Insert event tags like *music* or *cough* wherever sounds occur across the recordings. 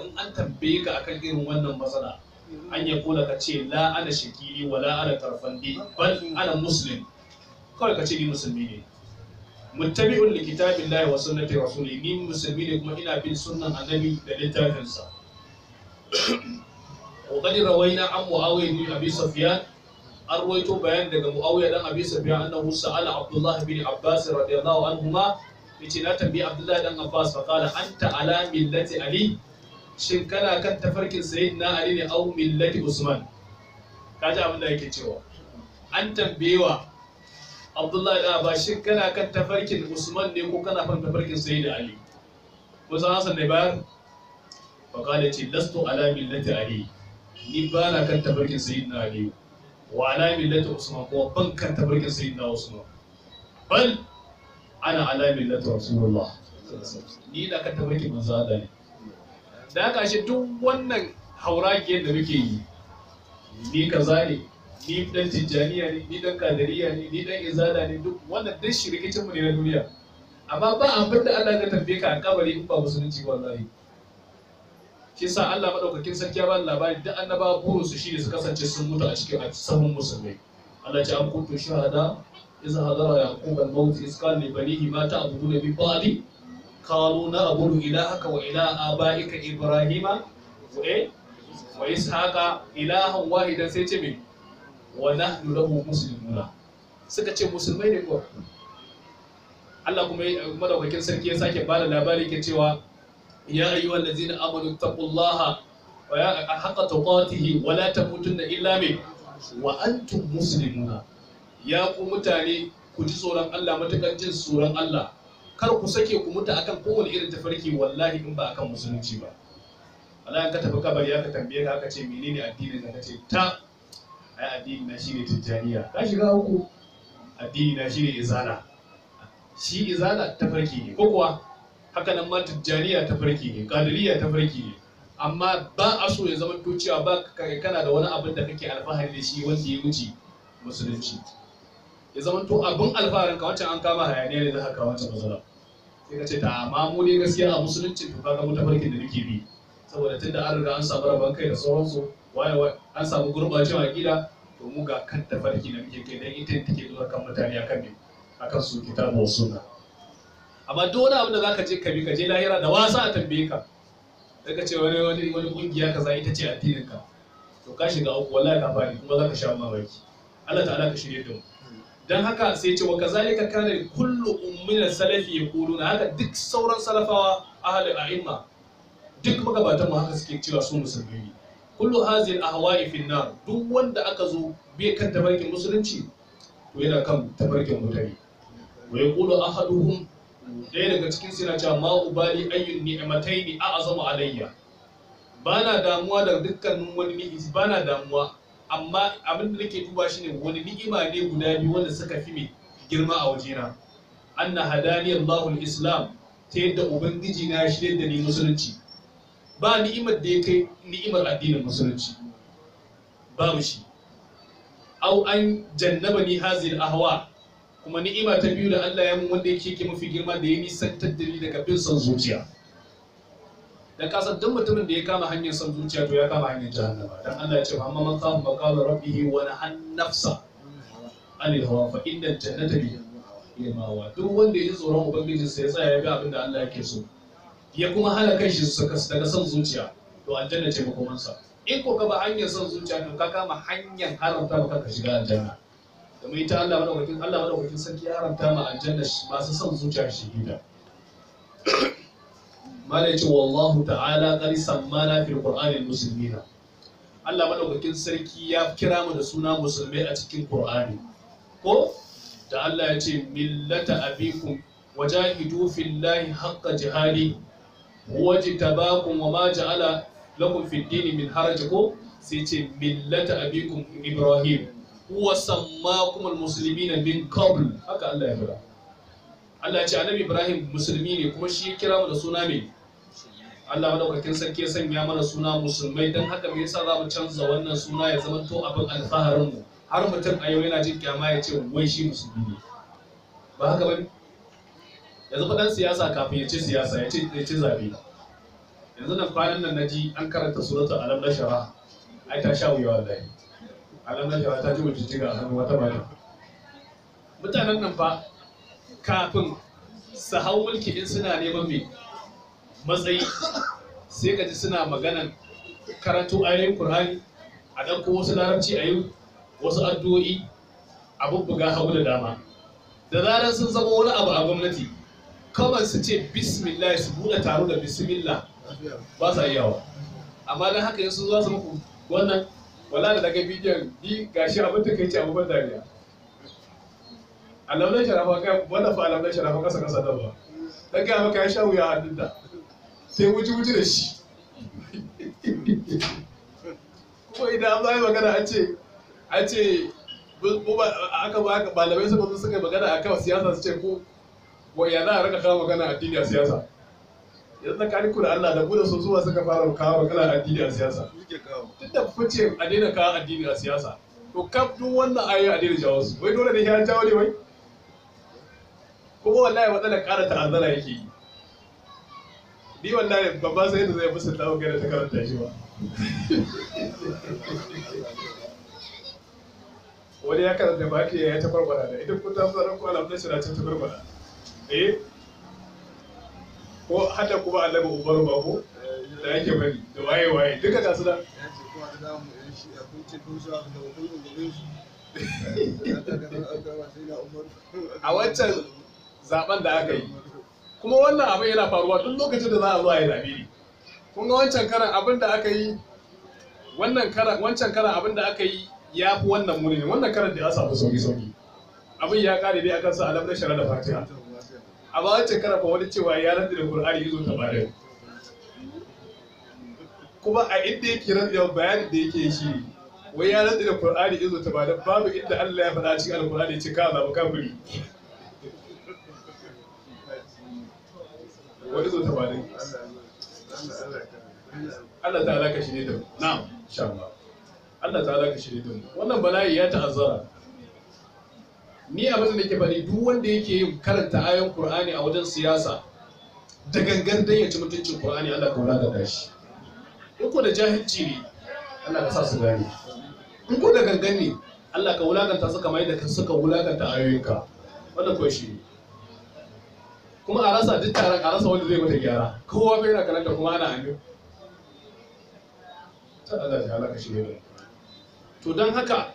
in an tambaye ka akan irin wannan matsala an ya kula ka ce la ana shakili wa ana tarfandi bal ana muslim kawai ka ce ni musulmi ne muttabi'un li kitabillahi wa sunnati rasuli ni musulmi ne kuma ina bin sunnan annabi da littafin sa wa qad rawayna an muawiya bin abi sufyan an rawaito bayan daga muawiya dan abi sufyan annahu sa'ala abdullah bin abbas radiyallahu anhuma yace na tambayi abdullah dan abbas fa qala anta ala millati ali shin kana kan tafarkin na ali ne au millati usman kaji abin da yake cewa an tambayewa abdullahi da ba shin kana kan tafarkin usman ne ko kana kan tafarkin sayyidina ali ko san hasan ne bayar fa qala ce lastu ala millati ali ni ba na kan tafarkin na ali wa ala millati usman ko ban kan tafarkin na usman bal ana ala millati rasulullah ni da kan tafarkin manzo Allah ne da haka shi duk wannan hauragiyar da muke yi ni kaza ne ni dan tijjaniya ne ni dan kadariya ne ni dan izala ne duk wannan duk shirkicin mu ne na duniya amma ba abin da Allah ya tambaye ka a kabari in ba musulunci wallahi shi sa Allah madaukakin sarki ya bani labari duk annabawa burin su shine su kasance sun mutu a cikin sabon musulmai Allah ya ce an kuntu iza hadara حضر al الموت إذ li banihi ma ta'budu bi بعدي قالوا نعبد إلهك وإله آبائك إبراهيم وإسحاق إله واحد سيتمي ونحن له مسلمون suka ce musulmai ne ko Allah kuma madaukakin sarki ya sake bada labari ke cewa ya ayyuhal ladzina amanu taqullaha wa ya haqqa tuqatihi wa la tamutunna illa bi wa antum muslimuna ya ku mutane ku ji tsoron Allah matakan jin tsoron Allah kar ku sake ku mutu akan kowane irin tafarki wallahi in ba akan musulunci ba wallahi ka tafi kabari aka tambaye ka aka ce menene addinin ka ce ta ai addini na shine tijjaniya ka shiga uku addini na shine izala shi izala tafarki ne ko kuwa haka nan ma tijjaniya tafarki ne kadiriya tafarki ne amma ba a so ya zama tociya ba kana da wani abin da kake alfahari da shi wanda ya wuce musulunci ya zama to abin alfaharin ka wancan an kama hayaniya ne za ka kawo wancan matsala sai ka ce amma mu ne gaskiya a musulunci to kaga mu tafarkin da muke bi saboda tunda an riga an samu rabon kai da sauransu waye waye an samu gurɓacin aƙida to mu ga kan tafarki da muke kai dan ita take dora kan mutane akan ne akan su kitabu wa sunna amma duk wani abu da zaka je ka bi ka je lahira da wasa a tambaye ka daga ce wani wani wani kungiya kaza ita ce addinin ka to ka shiga uku wallahi ka fadi kuma zaka sha mamaki Allah ta'ala ka shirye da mu dan haka sai ce wa kazalika kana kullu ummin salafi na haka duk sauran salafawa ahli a'imma duk magabatan mu haka suke cewa su musulmi kullu hazil ahwa'i fi nar duk wanda aka zo bai kan tabarkin musulunci to yana kan tabarkin mutane wa yaqulu ahaduhum ɗaya daga cikin sina cewa ma ubali ayyun ni'mataini a'azamu alayya bana damuwa da dukkanin wani ni'is bana damuwa amma abin da nake duba shine wani ni'ima ne guda biyu wanda suka fi mai girma a wajena anna hadani Allahu al-islam ta yadda ubangiji na shirye da ni musulunci ba ni'imar da ya ni'imar addinin musulunci babu shi au an jannaba ni hazil ahwa kuma ni'ima ta biyu da Allah ya mun wanda yake mafi girma da ya nisantar da ni daga bin son zuciya dan kasan duk mutumin da ya kama hanyar son zuciya to ya kama hanyar jahannama dan Allah ya ce amma man kama maqala rabbihi wa an nafsa yi hawa fa inna jannata bi yamawa duk wanda ya ji tsoron ubangiji sai ya tsaya ya bi abin da Allah yake so ya kuma hana kanshi su daga son zuciya to aljanna ce sa in ko ka ba hanyar son zuciya to ka kama hanyar haramta ba ka shiga aljanna kuma ita Allah madaukakin Allah madaukakin sarki ya haramta ma aljanna masu son zuciya shi gida ya ce wallahu ta'ala qad sammana fil qur'ani muslimina Allah madaukakin sarki ya kira mu da suna musulmai a cikin qur'ani ko da Allah ya ce millata abikum wajahidu fillahi haqqa jihadi huwa jitabakum wa ma ja'ala lakum fid dini min haraj ko sai ce millata abikum ibrahim huwa sammakum almuslimina min qabl haka Allah ya fara Allah ya ce annabi ibrahim musulmi ne kuma shi ya kira mu da suna mai Allah madaukakin sarki ya sanya mana suna musulmai don haka me yasa za mu canza wannan suna ya zama to abin alfaharin mu har mutum a yau yana jin kyama ya ce wai shi musulmi ne ba haka ba yanzu dan siyasa kafin ya ce siyasa ya ce ya ce zabe yanzu nan kwanan nan naji an karanta suratul alam na shara ai ta sha wuya wallahi alam na shara ta ji mutunci a hannu wata bana mutanen nan fa kafin su hau mulki in suna neman me matsayi sai ka ji suna maganan karatu ayoyin kurhani a ko wasu larabci a yi wasu addu'o'i a bubbuga hagu da dama da zarar sun zama wani abu a gwamnati kawai su ce bismillah su buɗe taro da bismillah ba sa yawa amma don haka yanzu za su muku wannan wala da daga bidiyon ga gashi abin da kai ce abubuwan dariya alamdan sharafa kai wanda fa alamdan sharafa kasa kasa da ba dan ga maka ya sha wuya hannun da sai wuce wuce da shi kuma idan an zai magana an ce an ce aka ba aka malamai suka zo suka magana a kan siyasa su ce ko wa ya za a rika kawo magana addini a siyasa yanzu na kariku da Allah da buɗe su zuwa suka fara kawo magana addini a siyasa tun da fice a daina kawo addini a siyasa to kaf duk wannan ayoyi a daina jawo su wai dole ne ya jawo ne wai kuma wallahi matsalar ƙara ta'azzara yake yi ni ne babban sai da zai musu dawo gare ta karanta shi ba wani ya karanta ke ya ta barbara da idan kun tafi zaran kwalam na shira ta barbara eh ko hada kuma annabi ubar ba ko da yake bari da waye waye duka ga su da a wancan zaben da aka yi kuma wannan abin yana faruwa duk lokacin da za a zo a yi ni kun ga wancan karan abin da aka yi wannan karan wancan karan abin da aka yi ya fi wannan muni ne wannan karan da ya samu sauki sauki abin ya kare dai akan sa alam na shara da fatiha ba wancan karan ba wani cewa ya rantsa da qur'ani yazo ta bare kuma a inda yake rantsa bayanin da yake shi wai ya rantsa da qur'ani yazo ta bare babu inda Allah ya faɗa cikin alqur'ani ce ka zaba kafiri wani zo ta bani Allah ta alaka shi ne da na'am sha Allah Allah ta alaka shi ne da wannan bala'i ya ta'azzara ni abin da nake faɗi duk wanda yake yin karanta ayon Qur'ani a wajen siyasa da gangan dan ya ci mutuncin Qur'ani Allah ka wulaka shi in ko da jahilci ne Allah ka sa su gane in ko da gangan ne Allah ka wulakanta su kamar yadda suka wulakanta ayoyinka wannan ko shi ne kuma a rasa duk taron a rasa wanda zai mata gyara kowa bai na karanta kuma ana hannu ta Allah ta halaka shi ne to don haka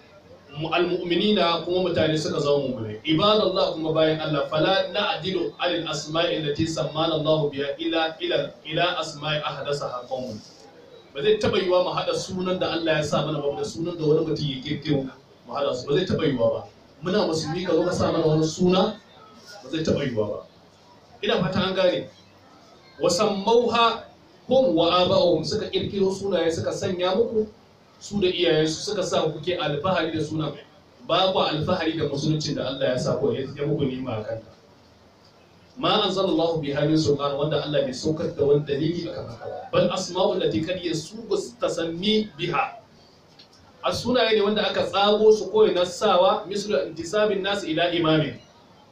almu'minina kuma mutane suka zama mu'mini ibadallah kuma bayan Allah fala na'dilu alil asma'i allati sammana Allah biya ila ila ila asma'i ahdathaha qawmun ba zai taba yiwa mu hada sunan da Allah ya sa mana ba da sunan da wani mutum ya kirkiro mu hada su ba zai taba yiwa ba muna musulmi ka zo ka sa mana wani suna ba zai taba yiwa ba ina fata an gane wasan mauha hum wa aba'uhum suka kirkiro sunaye suka sanya muku su da iyayensu suka sa kuke alfahari da sunan babu alfahari da musuluncin da Allah ya sa ko ya muku nima a kanta ma anzalallahu biha min sultan wanda Allah bai saukar da wani dalili akan haka ba bal asma'u allati kad yasubu tasammi biha as sunaye ne wanda aka tsago su koyi nasawa mislu intisabin nas ila imamin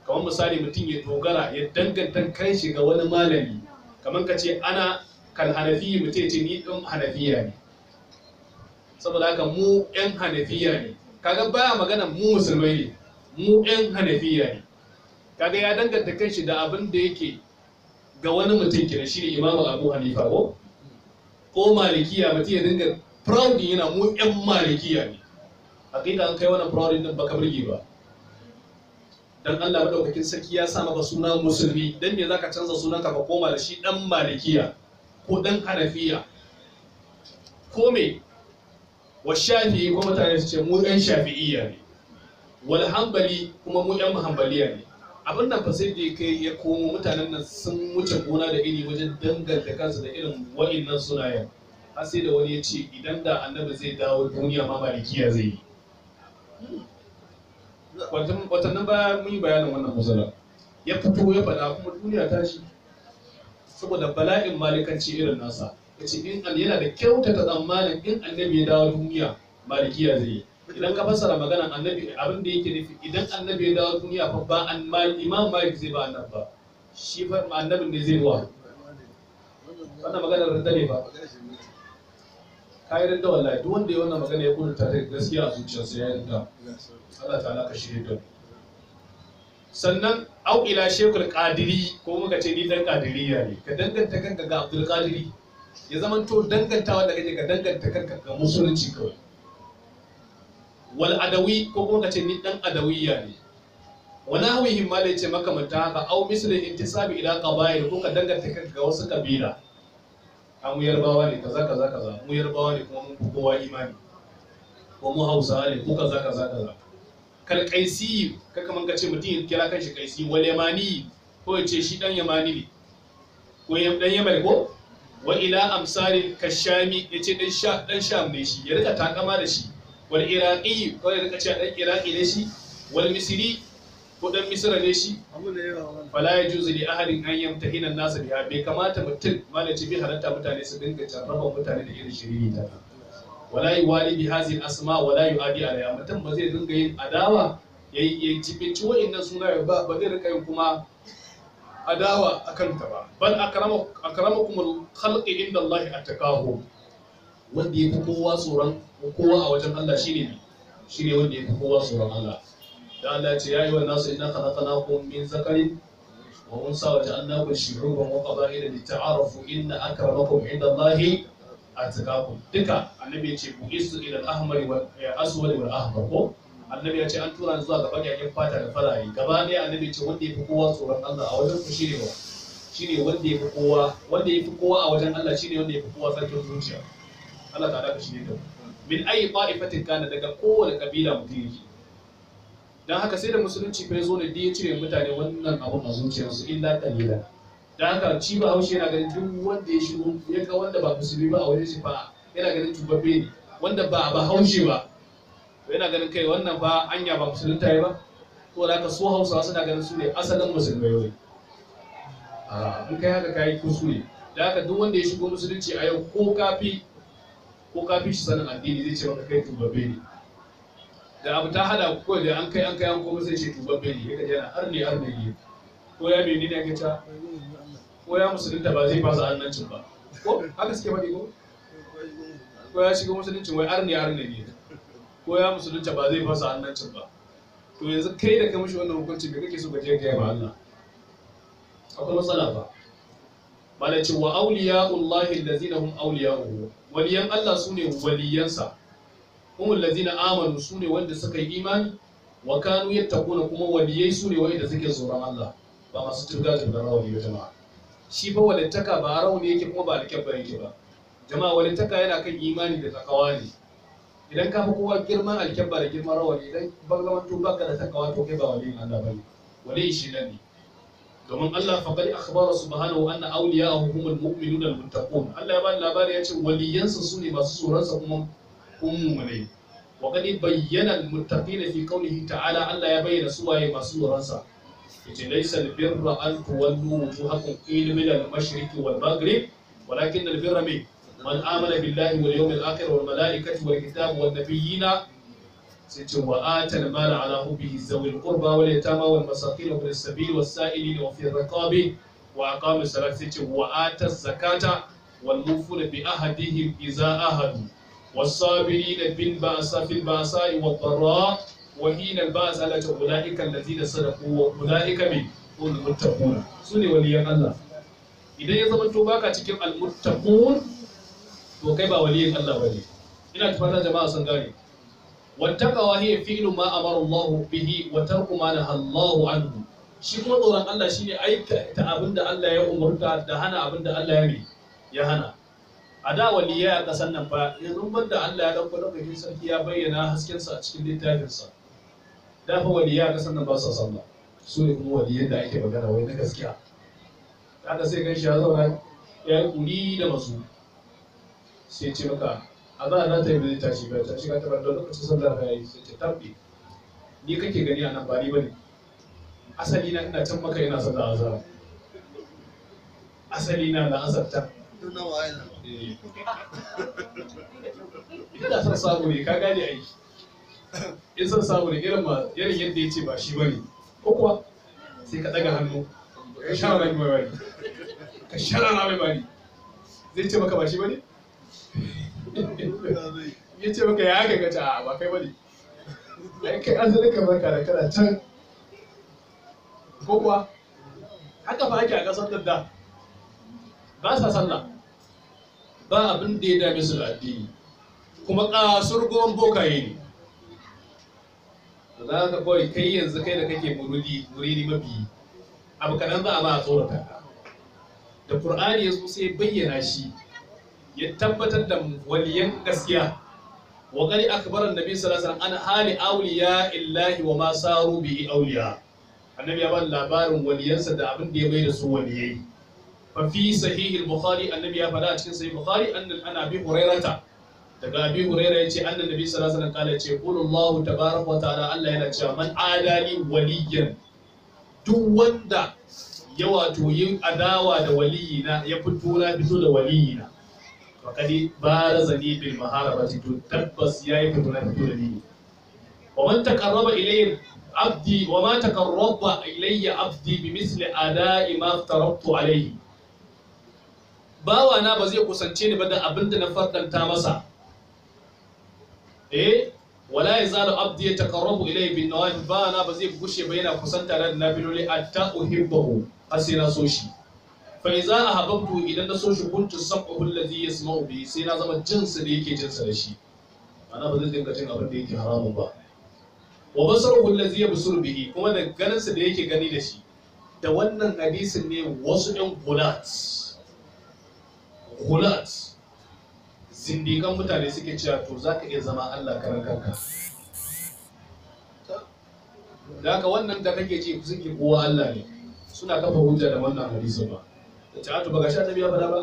kamar misali mutum ya dogara ya danganta kan shi ga wani malami kamar ka ce ana kan hanafi mutum ya ce ni ɗan hanafiya ne saboda haka mu ɗan hanafiya ne kaga baya magana mu musulmai ne mu ɗan hanafiya ne kaga ya danganta kan shi da abin da yake ga wani mutum da shi ne imamu abu hanifa ko ko malikiya mutum ya dinga proud yana mu ɗan malikiya ne hakika an kai wani proud din baka burge ba dan Allah madaukakin sarki ya sa maka suna musulmi dan me zaka canza sunan ka koma da shi dan malikiya ko dan hanafiya ko me wa shafi'i ko mutane su ce mu yan shafi'iyya ne wal hanbali kuma mu yan hanbaliya ne abin nan fa sai da kai ya komo mutanen nan sun wuce gona da iri wajen danganta kansu da irin wa'annan sunayen har sai da wani ya ce idan da annabi zai dawo duniya ma malikiya zai yi watannin baya mun yi bayanin wannan matsala ya fito ya faɗa kuma duniya ta shi saboda bala'in malikanci irin nasa ya ce in yana da kyautata tsammanin in annabi ya dawo duniya malikiya zai yi idan ka fassara magana annabi abin da yake nufi idan annabi ya dawo duniya fa ba an imam malik zai ba annabi ba shi fa annabin ne zai wa wannan maganar da ne ba ka yi wallahi duk wanda ya wannan magana ya kudurta ta gaskiya a zuciyarsa ya yarda Allah Ta alaka shi da sannan au ila shekul qadiri ko muka ce ni dan qadiriya ne ka danganta kanka ga abdul qadiri ya zama to dangantawa da kake ka danganta kanka ga musulunci kawai wal adawi ko kuma ka ce ni dan adawiya ne wani hawihin ma da yace ce makamanta haka au misalin intisabi ila qabail ko ka danganta kanka ga wasu kabila a mu yarbawa ne kaza kaza kaza mu yarbawa ne kuma mun fi kowa imani ko mu hausawa ne ko kaza kaza kaza kal kaisi ka kaman ka ce mutum ya kira kanshi kaisi wal yamani ko ya ce shi dan yamani ne ko ya dan yamal ko wa ila amsari kashami ya ce dan sha dan sham ne shi ya rika takama da shi wal iraqi ko ya rika cewa dan iraqi ne shi wal misri ko dan misira ne shi fala ya juzu li ahadin an yamtahina an-nas biha bai kamata mutum malaci bi halatta mutane su dinga jarraba mutane da irin shiriri ta wala yuwali bi asma wala adi alayha mutum ba zai dinga yin adawa yayi ya cibinci wa'annan suna ba ba zai rika yin kuma adawa a kanta ba bal akrama akramakum khalqi inda Allah attaqahu wanda ya fi kowa tsoron kowa a wajen Allah shine shine wanda ya fi kowa tsoron Allah da Allah ya ce ya yi wa nasu inna khalaqnakum min zakarin wa unsa wa ja'alnakum shu'uban wa qaba'ila lita'arafu inna akramakum 'inda Allahi atqakum duka annabi ya ce bu'istu ila al-ahmar wal eh, aswad wal ahmar ko annabi ya ce an tura zuwa ga bakakken fata da farari. gaba ne annabi ce wanda ya fi kowa tsoron Allah a wajen ku shine wa shine wanda ya fi kowa wanda ya fi kowa a wajen Allah shine wanda ya fi kowa sarkin zuciya Allah ta da daka shi ne da min ayi ta'ifatin kana daga kowane kabila mutum yake don haka sai da musulunci fa zo da ya cire mutane wannan abu a zuciyarsu illa kalila don haka ci ba haushi yana ganin duk wanda ya shigo ya ga wanda ba musulmi ba a wajen shi fa yana ganin tubabbe ne wanda ba ba haushi ba yana ganin kai wannan ba anya ba musulunta ba to da haka so hausawa suna ganin su ne asalin musulmai a in kai haka su ne. Don haka duk wanda ya shigo musulunci a yau ko kafi ko kafi shi sanin addini zai ce maka kai tubabbe ne da abu ta hada ku da an kai an kai an koma sai ce tuban bai ne kaje na arne arne yi ko ya meni ne kaita ko ya musulunta ba zai fasa annancin ba ko haka suke faɗi ko ko ya shiga musuluncin wai arne arne yi ko ya musulunta ba zai fasa annancin ba to yanzu kai da ka mishi wannan hukunci me kake so ka je ga ba Allah akwai matsala ba malaci wa auliya'ullahi allazina hum auliya'uhu waliyan Allah sune waliyansa humul lazina amanu su ne wanda suka yi imani wa kanu yattaquna kuma waliyai su ne wanda suke tsoron Allah ba masu turga turga rawani ba jama'a shi fa walittaka ba rauni yake kuma ba alkebba yake ba jama'a walittaka yana kan imani da takawa ne idan ka fi kowa girman alkebba da girman rawani idan ba zaman to baka da takawa to kai ba waliyin Allah bane waliyin shi ne domin Allah faqad akhbara subhanahu anna awliya'ahu humul mu'minuna al-muttaqun Allah ya bani labari ya ce waliyansa su ne masu tsoron sa kuma ummune wa gani bayyanan muttaqina fi qawlihi ta'ala Allah ya bayyana su waye masu lura yace laysa al birra an tuwallu wujuhakum qila min al mashriq wal maghrib walakin al birra bi man amana billahi wal yawmil akhir wal malaikati wal kitabi wan nabiyina sace wa ata al mala ala hubbi zawi al qurba wal yatama wal masakin wal sabil was sa'ilin wa fi al raqabi wa aqam al salat sace wa ata al zakata wal mufuna bi ahadihim iza ahadu والصابرين في البأساء في البأساء والضراء وحين البأس على أولئك الذين صدقوا وأولئك من المتقون سني ولي الله idan ya zama to baka cikin almuttaqun to kai ba waliyin Allah bane ina tafata jama'a sun gane wattaqawa hiya fi'lu ma amara Allah bihi wa Allah shi kuma tsoron Allah shine aikata da Allah ya umarta da hana abinda Allah ya ya hana a da waliyai a ƙasar nan fa yanzu banda Allah ya ɗauko lokacin sarki ya bayyana haskensa a cikin littafinsa da fa waliyai a ƙasar nan ba su sallah su ne kuma waliyan da ake magana wai na gaskiya haka sai ganshi ya zauna ya yi kuri da masu sai ce maka a za a ta yi ta shi ta ka ta bada lokacin sallah ka yi sai ce tabbi ni kake gani a nan ba ni bane asali na ina can maka ina sallah azhar asali na na azabta Eh. *laughs* ina son samu ne ka gane aiki in son samu ne irin irin yadda ya ce ba shi bane ko kuwa sai ka daga hannu ka shara na mai bari ka shara na mai bari zai ce maka ba shi bane *laughs* ya ce maka ya haka gaca ba kai bane dan kai an zai kamar ka da kana can ko kuwa haka fa ake a ƙasar da ba sa sallah ba abin da ya dame su da addini kuma kasur gowan bokaye ne za ka kawai kai yanzu kai da kake muridi muridi mafi abu kaɗan za a ba a tsorata da Kur'ani ya zo sai bayyana shi ya tabbatar da waliyan gaskiya wa qali akbara annabi sallallahu alaihi wasallam an hali awliya illahi wa ma saru bihi awliya annabi ya ba labarin waliyansa da abin da ya bai da su waliyai fa fi sahih al-bukhari annabi ya faɗa a cikin sahih bukhari annan ana bi hurairata daga abi huraira yace annan nabi sallallahu alaihi wasallam kala yace qul allah tabaraka wa ta'ala allah yana cewa man adali waliyan duk wanda ya wato yin adawa da waliyina ya fito na fito da waliyina fakadi barazani bil maharabati to tabbas yayi fito na fito da ni wa man taqarraba ilayya abdi wa ma taqarraba ilayya abdi bimithli ada'i ma aftarabtu alayhi bawa na ba zai kusance ni ba da abin da na fardanta masa eh wala yazalu abdi yataqarrabu ilayhi bin nawafil bawa na ba zai gushe ba yana kusanta da nafiloli atta uhibbahu har sai na so shi fa idza ahabbtu idan na so shi kuntu sab'u alladhi yasma'u bi sai na zama jinsa da yake jinsa da shi ana ba zai dinga cin abin da yake haramun ba wa basaruhu allazi yabsuru bihi kuma da ganinsa da yake gani da shi da wannan hadisin ne wasu ɗan gulat hulat zindikan mutane suke cewa to za ka iya zama Allah karan kanka da haka wannan da kake ce suke kowa Allah ne suna kafa hujja da wannan hadisi ba da ta to baka sha ta biya bada ba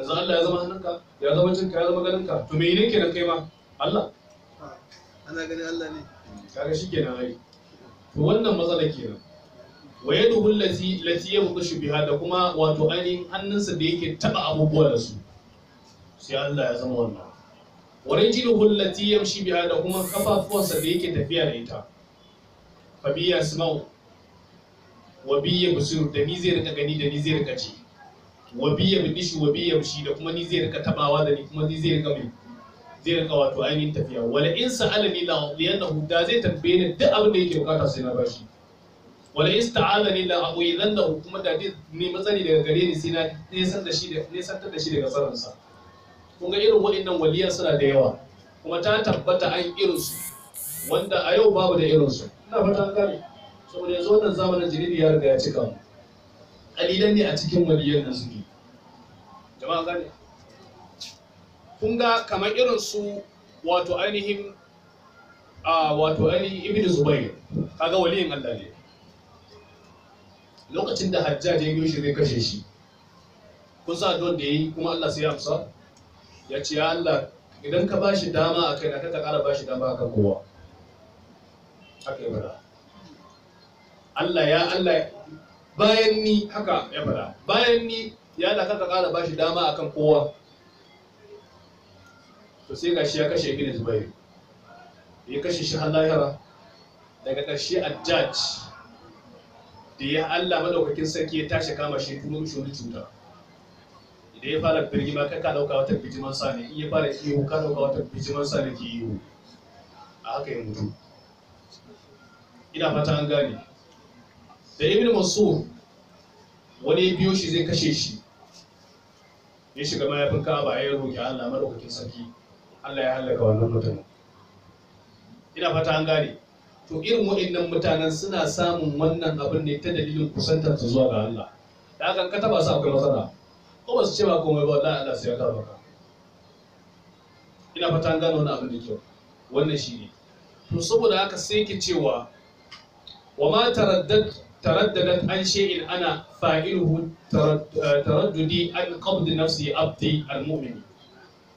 yanzu Allah ya zama hannunka ya zama cinka ya zama ganinka to me ne kenan kai ma Allah ana ganin Allah ne kaga shikenan ai to wannan matsala kenan wa duhun lati ya yabqishu biha da kuma wato ainihin hannunsa da yake taba abubuwa da su sai Allah ya zama wannan wa rijluhu lati shi biya da kuma kafafuwansa da yake tafiya da ita fa bi yasma'u wa bi yabsir da ni zai rika gani da ni zai rika ji wa bi yabdishu wa bi yamshi da kuma ni zai rika tabawa da ni kuma ni zai rika mai zai rika wato ainihin tafiya wala in sa'alani la li'annahu da zai tambaye ni duk abin da yake bukata sai na bashi wala ni la a'uidannahu kuma da ne matsani daga gare ni sai na nisan da shi da nisan da shi daga tsaransa kun ga irin waɗannan waliyan suna da yawa kuma ta tabbata an irin su wanda a yau babu da irin su ina fata an gane saboda yanzu wannan zamanin jiridi ya riga ya cika mu kalilan ne a cikin waliyan nan suke jama'a gane kun ga kamar irin su wato ainihin wato ainihin ibnu zubair kaga waliyin Allah ne lokacin da hajjaj ya yi shi zai kashe shi kun sa don da yi kuma Allah sai ya amsa ya ce ya Allah idan ka ba shi dama a kai na kaka kara ba shi dama a kan kowa haka ya fada Allah ya Allah bayan ni haka ya fada bayan ni ya da kaka kara ba shi dama a kan kowa to sai ga shi ya kashe gini zubai ya kashe shi har daga ƙarshe judge da ya Allah madaukakin sarki ya tashi kama shi kuma mishi wani cuta idan ya fara birgima kai ka dauka wata bijiman sa ne in ya fara iyo ka dauka wata bijiman sa ne ke iyo a haka ya mutu ina fata an gane da ibn mansur wani ya biyo shi zai kashe shi ya shiga mayafin kaba ya roƙi Allah madaukakin sarki Allah ya halaka wannan mutum ina fata an gane to irin waɗannan mutanen suna samun wannan abin ne ta dalilin kusantar su zuwa ga Allah da hakan ka taba su akwai matsala ko ba su ce ba komai ba wallahi Allah sai ya karba ka ina fata an gano wannan abin da kyau wannan shi ne to saboda haka sai ke cewa wa ma taraddad taraddadat an shay'in ana fa'iluhu eh, taraddudi an qabd nafsi abdi al-mu'min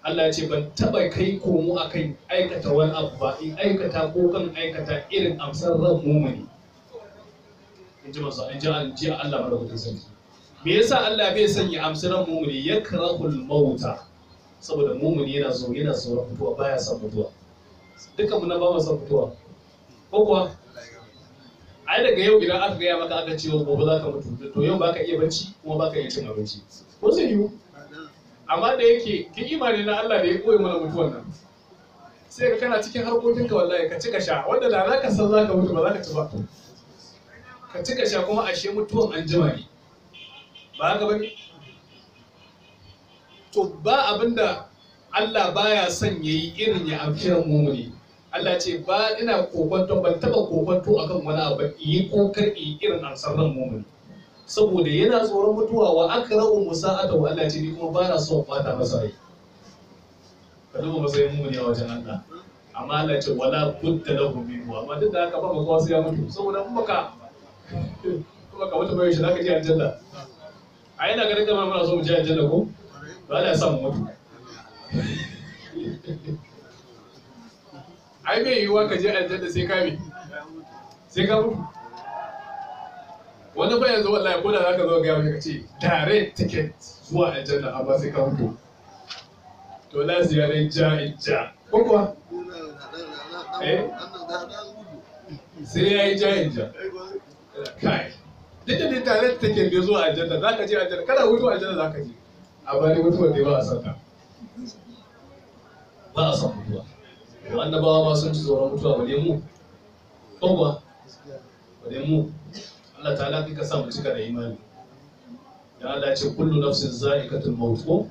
Allah ya ce ban taɓa kai komo akan aikata wani abu ba in aikata ko kan aikata irin amsar ran mumuni in ji masu an ji Allah madaukakin sanki me yasa Allah bai sanya amsar ran mumuni ya karahul mauta saboda mumuni yana so yana so mutuwa baya son mutuwa dukan mu na ba mu son mutuwa ko kuwa ai daga yau idan aka gaya maka aka ce gobe za ka mutu to yau baka iya bacci kuma baka iya cin abinci ko zai yiwu amma da yake kin imani na Allah da ya koyi mana mutuwan nan sai ka kana cikin harkokin ka wallahi ka ci ka sha wanda da za ka san za ka mutu ba za ka ci ba ka ci sha kuma ashe mutuwan an jima ne ba haka ba ne to ba abinda Allah baya son yayi irin ya afshiran mumuni Allah ce ba ina kokonto ban taba kokonto akan wani abu yi kokar irin ansarran mumuni saboda yana tsoron mutuwa wa aka musa a wa Allah ce ni kuma ba na son fata masa rai ka duba matsayin mu ne a wajen Allah amma Allah ce wala da lahu minhu amma duk da haka ba ba kowa ya mutu saboda mun baka kuma ka mutu bai shi zaka je aljanna a yana ganin kamar muna so mu je aljanna ko ba sa mu mutu ai bai yiwuwa ka je aljanna sai ka bi sai ka mutu wani fa yanzu wallahi ko da zaka zo ga yawa ka ce direct ticket zuwa aljanna amma sai ka to la ziyarai ja ja ko kuwa eh? ya yi yayi ja ja kai duk da direct ticket ne zuwa aljanna zaka je aljanna kada hutu aljanna zaka je a bani mutuwa ne ba a santa ba a san mutuwa annabawa ma sun ci tsoron mutuwa ba mu ko kuwa ba mu Allah ta'ala ka samu cika da imani Ya Allah ce kullu nafsin za'iqatul maut ko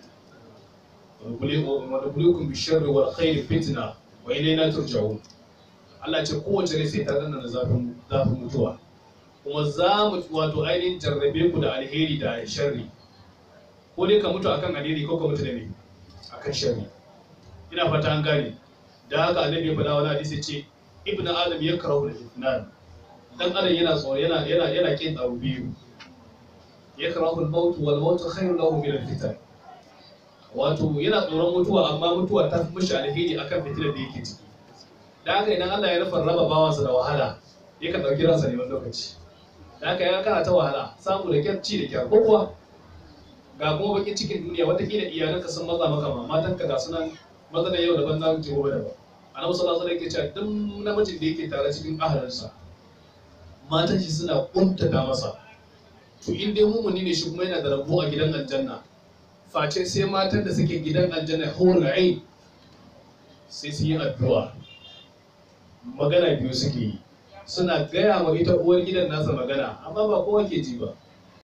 wa nabluukum bish-sharri wal khairi fitna wa ilayna turja'un Allah ce kowace ne sai ta danna zafin zafin mutuwa kuma za mu wato ainihin jarrabe ku da alheri da sharri ko dai ka mutu akan alheri ko ka mutu da me akan sharri ina fata an gane da haka annabi ya faɗa wani hadisi ce ibnu adam ya karahu da fitnan dan adam yana tsoro yana yana yana kin abu biyu yakrahu al-maut wal maut khayrun lahu min al-fitan wato yana tsoron mutuwa amma mutuwa ta fi mishi alheri akan fitilar da yake ciki da haka idan Allah ya rufa raba bawansa da wahala yakan ɗauki ransa ne wani lokaci da haka ya kana ta wahala samu da kyar ci da kyar kowa ga kuma baƙin cikin duniya wataƙila iyalanka sun maza maka ma matanka ga sunan maza da yau daban na jiwo daban annabi sallallahu alaihi wasallam yake cewa duk namijin da yake tare cikin ahalinsa matan shi suna ƙuntata masa to in dai mumuni ne shi kuma yana da rabo a gidan aljanna face sai matan da suke gidan aljanna hawar ra'ayi sai su yi addu'a magana biyu suke yi suna gaya wa ita uwar gidan nasa magana amma ba kowa ke ji ba